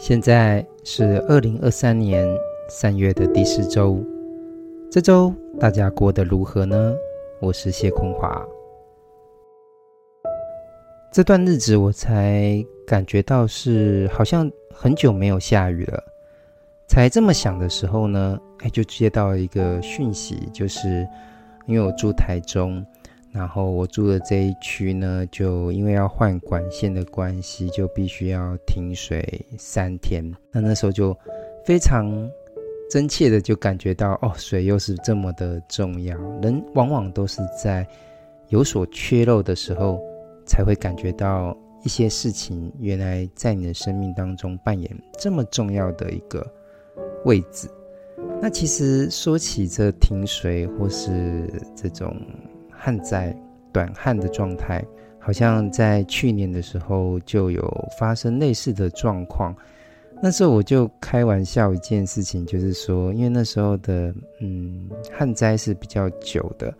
現在是二零二三年三月的第四週，這週大家過得如何呢？我是解昆樺。這段日子我才感覺到是好像很久沒有下雨了，才這麼想的時候呢，哎，就接到一個訊息，就是因為我住台中。然後我住的這一區呢，就因為要換管線的關係，就必須要停水三天。那那時候就非常真切的就感覺到，哦，水又是這麼的重要。人往往都是在有所缺漏的時候，才會感覺到一些事情原來在你的生命當中扮演這麼重要的一個位置。那其實說起這停水或是這種。旱災、短旱的狀態，好像在去年的時候就有發生類似的狀況。那時候我就開玩笑一件事情，就是說，因為那時候的嗯旱災是比較久的，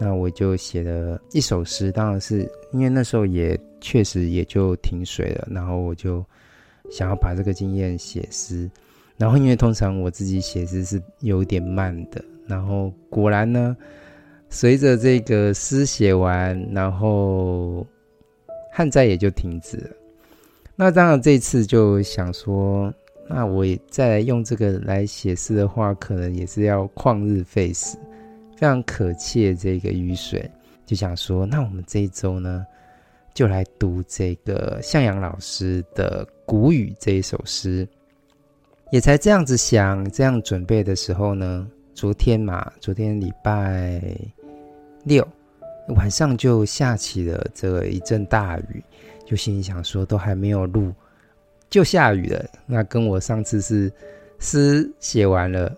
那我就寫了一首詩。當然是因為那時候也確實也就停水了，然後我就想要把這個經驗寫詩。然後因為通常我自己寫詩是有點慢的，然後果然呢。隨着這個詩寫完，然後旱災也就停止了。那當然，這次就想說，那我也再用這個來寫詩的話，可能也是要曠日費時，非常渴切的這個雨水。就想說，那我們這一周呢，就來讀這個向陽老師的《穀雨》這一首詩。也才這樣子想，這樣準備的時候呢，昨天嘛，昨天禮拜。六，晚上就下起了這一陣大雨，就心裡想說，都還沒有錄，就下雨了。那跟我上次是詩寫完了，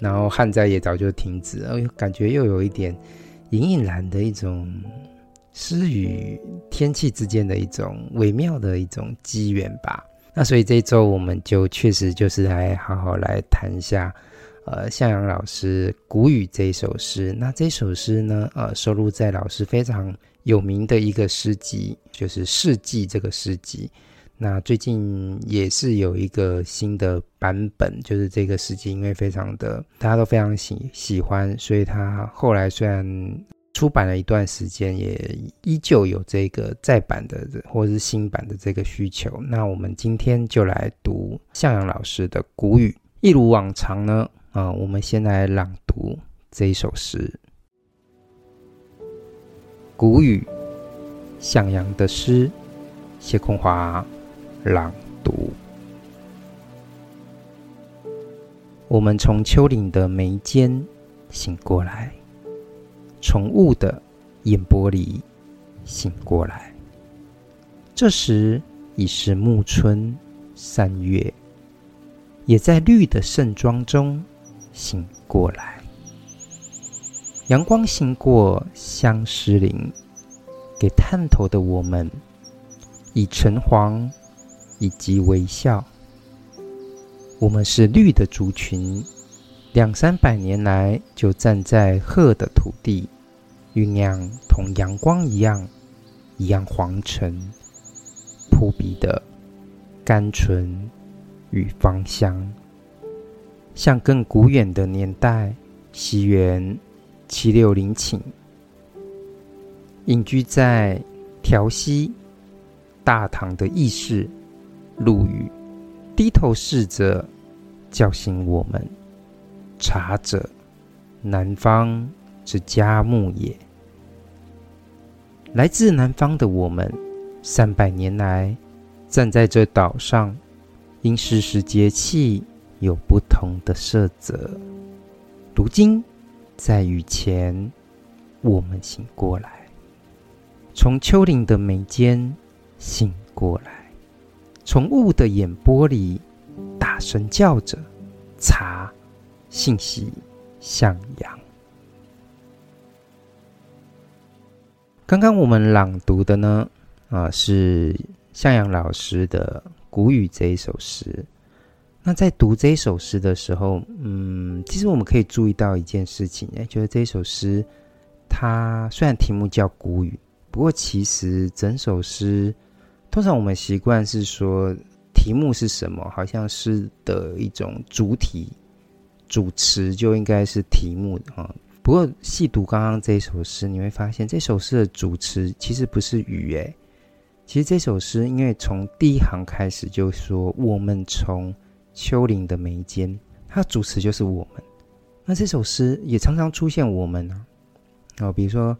然後旱災也早就停止，感覺又有一點隱隱然的一種詩與天氣之間的一種微妙的一種機緣吧。那所以這一周我們就確實就是來好好來談一下。呃，向陽老師《穀雨》這一首詩，那這首詩呢，呃，收錄在老師非常有名的一個詩集，就是《世紀》這個詩集。那最近也是有一個新的版本，就是這個詩集，因為非常的大家都非常喜喜歡，所以他後來雖然出版了一段時間，也依舊有這個再版的或者是新版的這個需求。那我們今天就來讀向陽老師的《穀雨》。一如往常呢。啊、嗯，我們先來朗讀這一首詩，《穀雨，向陽的詩》，解昆樺朗讀。我們從丘陵的眉間醒過來，從霧的眼波裡醒過來。這時已是暮春三月，也在綠的盛裝中。醒過來，陽光行過相思林，給探頭的我們以澄黃以及微笑。我們是綠的族群，兩三百年來就站在褐的土地，醞釀同陽光一樣一樣黃澄撲鼻的甘醇與芳香。向更古遠的年代，西元七六零頃，隱居在苕溪大唐的逸士陸羽，低頭試著叫醒我們。茶者，南方之嘉木也。來自南方的我們，三百年來站在這島上，因四時節氣。有不同的色澤。如今，在雨前，我們醒過來，從丘陵的眉間醒過來，從霧的眼波裡大聲叫着：“茶，性喜向陽。”剛剛我們朗讀的呢，啊、呃，是向陽老師的《穀雨》這一首詩。那在讀這首詩的時候，嗯，其實我們可以注意到一件事情，哎，就是這首詩，它雖然題目叫“穀雨”，不過其實整首詩，通常我們習慣是說題目是什麼，好像是的一種主題、主詞，就應該是題目，嗯，不過細讀剛剛這首詩，你會發現這首詩的主詞其實不是雨，哎，其實這首詩因為從第一行開始就說“我們從”。丘陵的眉間，它的主詞就是我們。那這首詩也常常出現我們啊，好、哦，比如說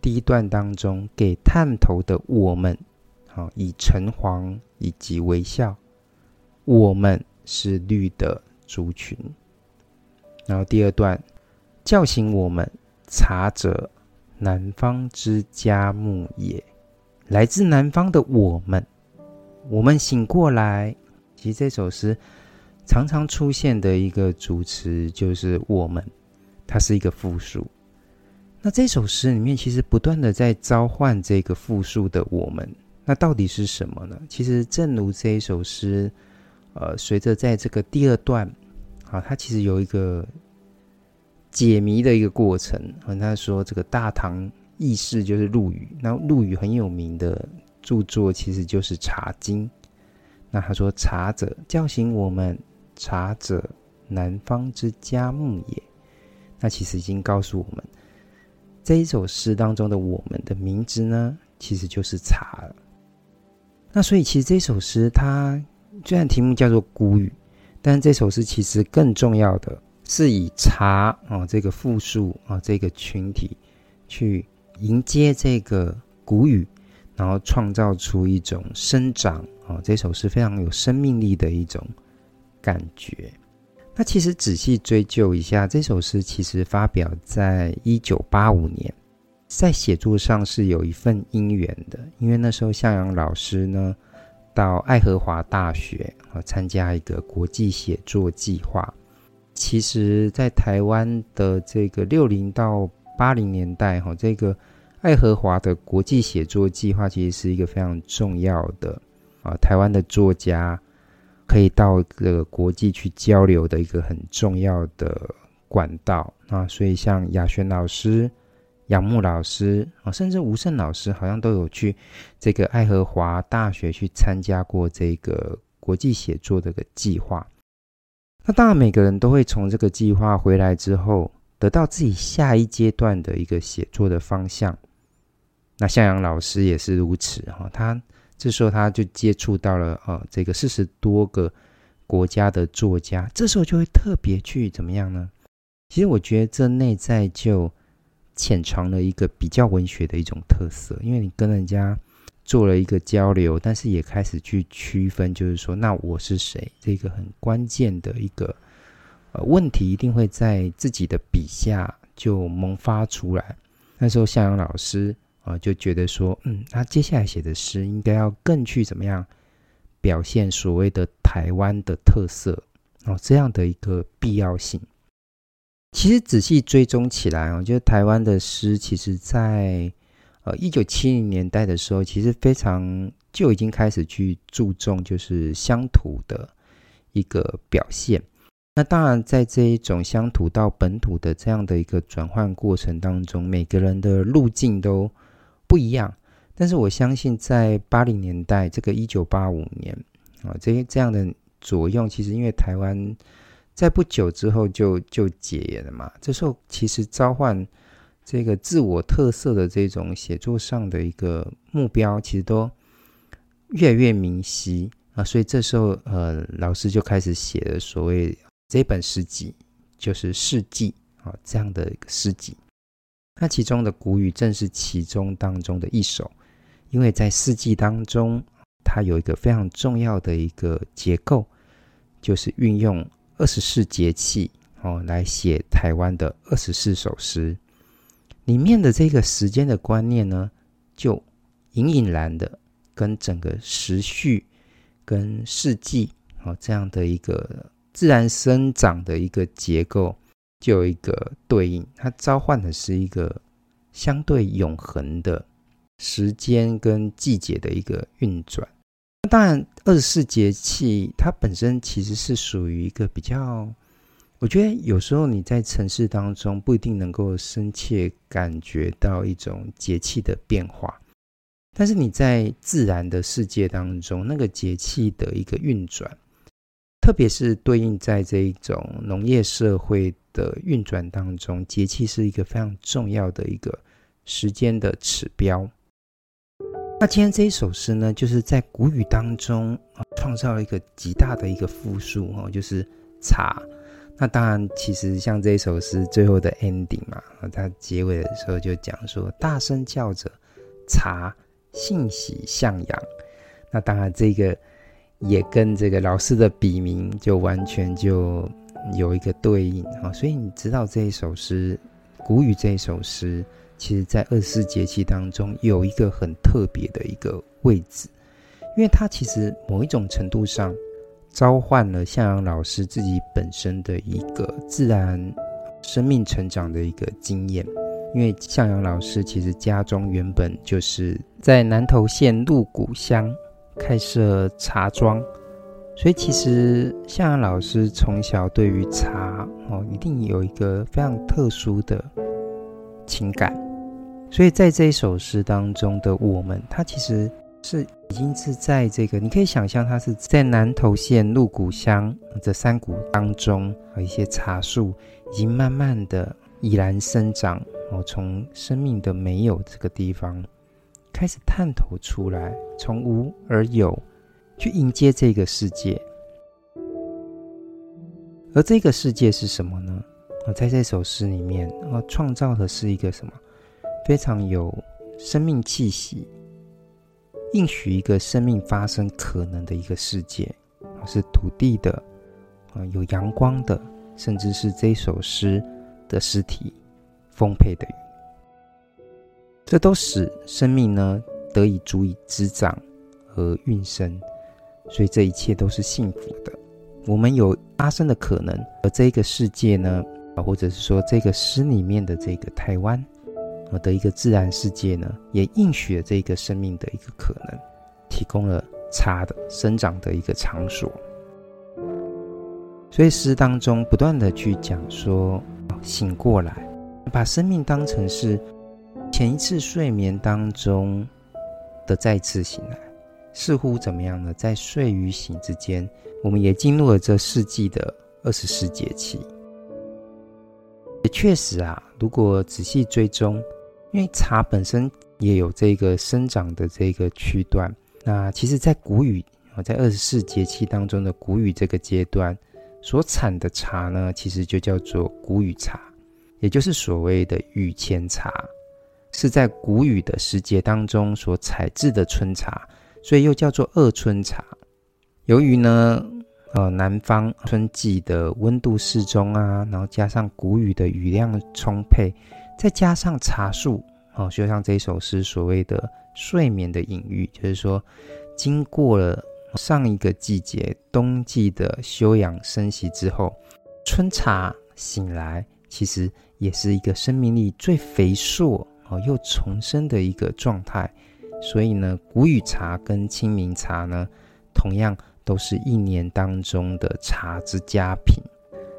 第一段當中給探頭的我們，好、哦，以澄黃以及微笑，我們是綠的族群。然後第二段叫醒我們，茶者南方之嘉木也，來自南方的我們，我們醒過來。其實這首詩。常常出現的一個主詞就是我們，它是一個複數。那這首詩裡面其實不斷的在召喚這個複數的我們。那到底是什麼呢？其實正如這一首詩，呃，隨着在這個第二段，啊，他其實有一個解謎的一個過程和他、啊、說這個大唐逸士就是陸羽，那陸羽很有名的著作其實就是《茶經》。那他說茶者，叫醒我們。茶者，南方之嘉木也。那其實已經告訴我們，這一首詩當中的我們的名字呢，其實就是茶了。那所以，其實這首詩它雖然題目叫做《穀雨》，但這首詩其實更重要的是以茶啊、哦、這個複數啊、哦、這個群體去迎接這個穀雨，然後創造出一種生長啊、哦。這首詩非常有生命力的一種。感覺，那其實仔細追究一下，這首詩其實發表在一九八五年，在寫作上是有一份因緣的。因為那時候向陽老師呢，到愛荷華大學啊參加一個國際寫作計劃。其實，在台灣的這個六零到八零年代哈，這個愛荷華的國際寫作計劃其實是一個非常重要的啊，台灣的作家。可以到這個國際去交流的一個很重要的管道啊，那所以像瘂弦老師、楊牧老師啊，甚至吳晟老師，好像都有去這個愛荷華大學去參加過這個國際寫作的一個計劃。那當然，每個人都會從這個計劃回來之後，得到自己下一階段的一個寫作的方向。那向陽老師也是如此哈，他。這時候他就接觸到了呃這個四十多個國家的作家。這時候就會特別去怎麼樣呢？其實我覺得這內在就潛藏了一個比較文學的一種特色，因為你跟人家做了一個交流，但是也開始去區分，就是說，那我是誰？這個很關鍵的一個呃問題，一定會在自己的筆下就萌發出來。那時候向陽老師。啊、呃，就覺得說，嗯，那接下來寫的詩應該要更去怎麼樣表現所謂的台灣的特色哦，這樣的一個必要性。其實仔細追蹤起來啊、哦，就是、台灣的詩，其實在呃一九七零年代的時候，其實非常就已經開始去注重就是鄉土的一個表現。那當然，在這一種鄉土到本土的這樣的一個轉換過程當中，每個人的路徑都。不一樣，但是我相信在八零年代，這個一九八五年啊、哦，這些這樣的作用，其實因為台灣在不久之後就就解了嘛，這時候其實召喚這個自我特色的這種寫作上的一個目標，其實都越來越明晰啊，所以這時候呃，老師就開始寫了所謂這本詩集，就是《世紀》啊、哦、這樣的一個詩集。那其中的穀雨，正是其中當中的一首，因為在四季當中，它有一個非常重要的一個結構，就是運用二十四節氣哦，來寫台灣的二十四首詩，裡面的這個時間的觀念呢，就隱隱然的跟整個時序跟世紀、跟四季哦，這樣的一個自然生長的一個結構。就有一個對應，它召喚的是一個相對永恆的時間跟季節的一個運轉。那當然，二十四節氣它本身其實是屬於一個比較，我覺得有時候你在城市當中不一定能夠深切感覺到一種節氣的變化，但是你在自然的世界當中，那個節氣的一個運轉。特別是對應在這一種農業社會的運轉當中，節氣是一個非常重要的一個時間的指標。那今天這一首詩呢，就是在穀雨當中創造了一個極大的一個複數，哈，就是茶。那當然，其實像這一首詩最後的 ending 嘛，它結尾的時候就講說，大聲叫着茶，性喜向陽。那當然，這個。也跟這個老師的筆名就完全就有一個對應啊，所以你知道這一首詩《穀雨》這一首詩，其實在二十四節氣當中有一個很特別的一個位置，因為它其實某一種程度上召喚了向陽老師自己本身的一個自然生命成長的一個經驗，因為向陽老師其實家中原本就是在南投縣鹿谷鄉。開設茶莊，所以其實向陽老師從小對於茶哦，一定有一個非常特殊的情感。所以在這一首詩當中的我們，他其實是已經是在這個，你可以想象他是在南投縣鹿谷鄉這山谷當中，和一些茶樹已經慢慢的已然生長哦，從生命的沒有這個地方。開始探頭出來，從無而有，去迎接這個世界。而這個世界是什麼呢？啊，在這首詩裡面，啊，創造的是一個什麼？非常有生命氣息，應許一個生命發生可能的一個世界。啊，是土地的，啊，有陽光的，甚至是這首詩的詩體，豐沛的這都使生命呢得以足以滋長和孕生，所以這一切都是幸福的。我們有發生的可能，而這個世界呢，或者是說這個詩裡面的這個台灣，我的一個自然世界呢，也應許了這個生命的一個可能，提供了茶的生長的一個場所。所以詩當中不斷地去講說，醒過來，把生命當成是。前一次睡眠當中的再次醒來，似乎怎麼樣呢？在睡與醒之間，我們也進入了這世紀的二十四節氣。也確實啊，如果仔細追蹤，因為茶本身也有這個生長的這個區段。那其實在古，在穀雨啊，在二十四節氣當中的穀雨這個階段所產的茶呢，其實就叫做穀雨茶，也就是所謂的雨前茶。是在谷雨的時節當中所採制的春茶，所以又叫做二春茶。由於呢，呃，南方春季的溫度適中啊，然後加上谷雨的雨量充沛，再加上茶樹啊，上、呃、就像這首詩所謂的睡眠的隱喻，就是說，經過了上一個季節冬季的休養生息之後，春茶醒來其實也是一個生命力最肥碩。哦，又重生的一個狀態，所以呢，穀雨茶跟清明茶呢，同樣都是一年當中的茶之佳品。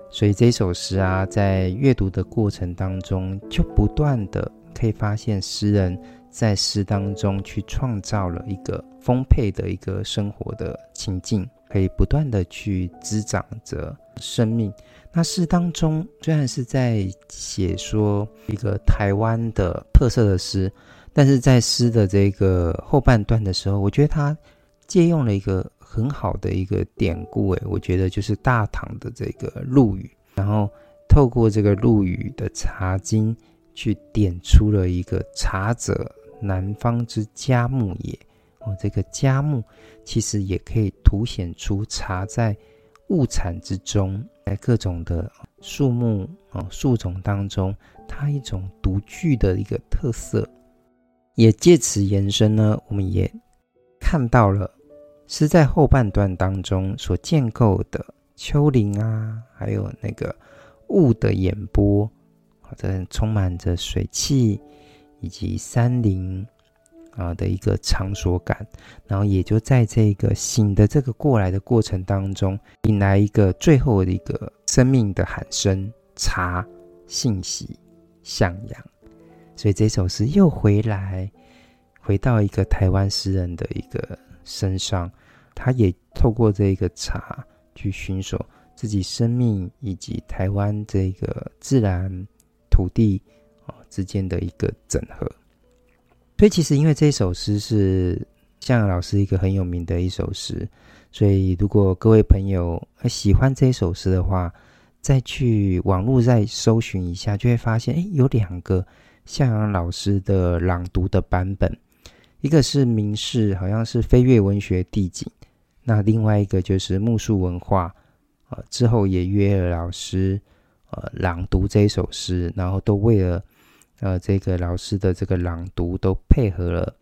所以這首詩啊，在閱讀的過程當中，就不斷地可以發現，詩人在詩當中去創造了一個豐沛的一個生活的情境。可以不斷的去滋長着生命。那詩當中雖然是在寫說一個台灣的特色的詩，但是在詩的這個後半段的時候，我覺得他借用了一個很好的一個典故，誒，我覺得就是大唐的這個陸羽，然後透過這個陸羽的《茶經》去點出了一個“茶者，南方之嘉木也”。哦、這個嘉木其實也可以凸顯出茶在物產之中，在各種的樹木啊、哦、樹種當中，它一種獨具的一個特色。也借此延伸呢，我們也看到了是在後半段當中所建構的丘陵啊，還有那個霧的眼波好像、哦、充滿着水汽以及山林。啊的一個場所感，然後也就在這個醒的這個過來的過程當中，引來一個最後的一個生命的喊聲：茶、性喜，向陽。所以這首詩又回來，回到一個台灣詩人的一個身上，他也透過這個茶去尋索自己生命以及台灣這個自然土地啊之間的一個整合。所以其實，因為這首詩是向陽老師一個很有名的一首詩，所以如果各位朋友喜歡這首詩的話，再去網絡再搜尋一下，就會發現，哎，有兩個向陽老師的朗讀的版本，一個是明世，好像是飛躍文學地景，那另外一個就是木樹文化、呃、之後也約了老師呃朗讀這首詩，然後都為了。呃，這個老師的這個朗讀都配合了，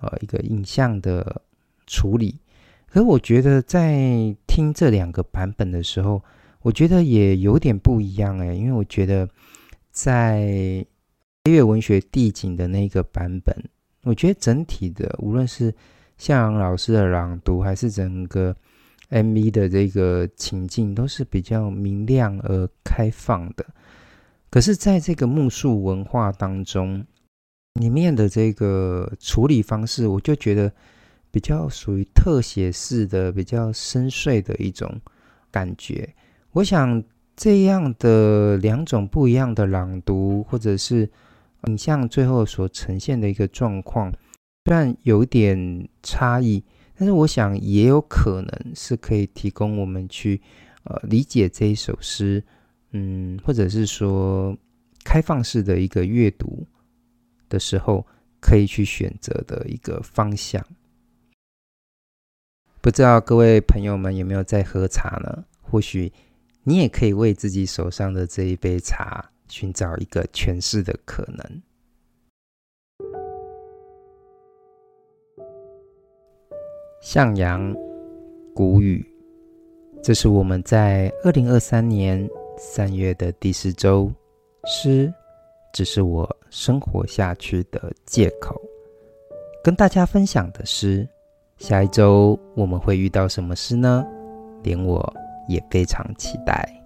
呃，一個影像的處理。可是我覺得在聽這兩個版本的時候，我覺得也有點不一樣哎，因為我覺得在音樂文學地景的那個版本，我覺得整體的無論是向陽老師的朗讀，還是整個 MV 的這個情境，都是比較明亮而開放的。可是，在這個木素文化當中，裡面的這個處理方式，我就覺得比較屬於特寫式的、比較深邃的一種感覺。我想，這樣的兩種不一樣的朗讀，或者是影像最後所呈現的一個狀況，雖然有點差異，但是我想也有可能是可以提供我們去呃理解這一首詩。嗯，或者是說開放式的一個閱讀的時候，可以去選擇的一個方向。不知道各位朋友們有沒有在喝茶呢？或許你也可以為自己手上的這一杯茶尋找一個詮釋的可能。向陽穀雨，這是我們在二零二三年。三月的第四週，詩只是我生活下去的借口。跟大家分享的詩，下一週我們會遇到什麼詩呢？連我也非常期待。